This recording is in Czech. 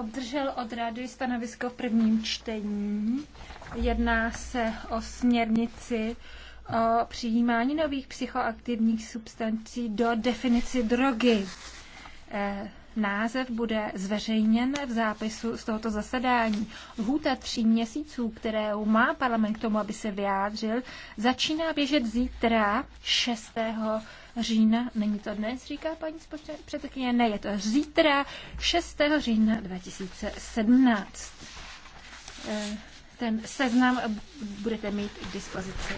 obdržel od rady stanovisko v prvním čtení. Jedná se o směrnici o přijímání nových psychoaktivních substancí do definici drogy. Eh, název bude zveřejněn v zápisu z tohoto zasedání. Lhůta tří měsíců, kterou má parlament k tomu, aby se vyjádřil, začíná běžet zítra 6. října. Není to dnes, říká paní předsedkyně? Ne, je to zítra 6. října 2017. Eh, ten seznam budete mít k dispozici.